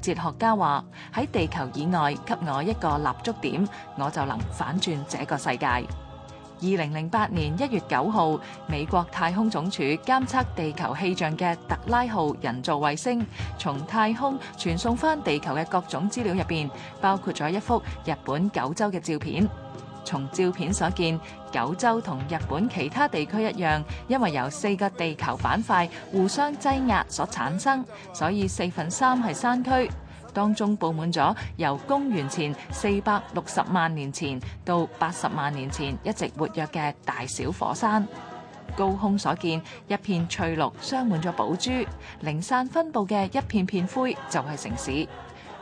哲學家話：喺地球以外，給我一個立足點，我就能反轉這個世界。二零零八年一月九號，美國太空總署監測地球氣象嘅特拉號人造衛星，從太空傳送返地球嘅各種資料入邊，包括咗一幅日本九州嘅照片。從照片所見，九州同日本其他地區一樣，因為由四個地球板塊互相擠壓所產生，所以四分三係山區，當中佈滿咗由公元前四百六十萬年前到八十萬年前一直活躍嘅大小火山。高空所見，一片翠綠，鑲滿咗寶珠；零散分佈嘅一片片灰，就係城市。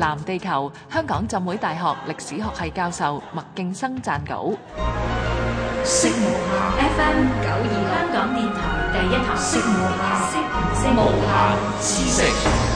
藍地球，香港浸會大學歷史學系教授麥勁生撰稿：F M 九二香港電台第一台，無限知識。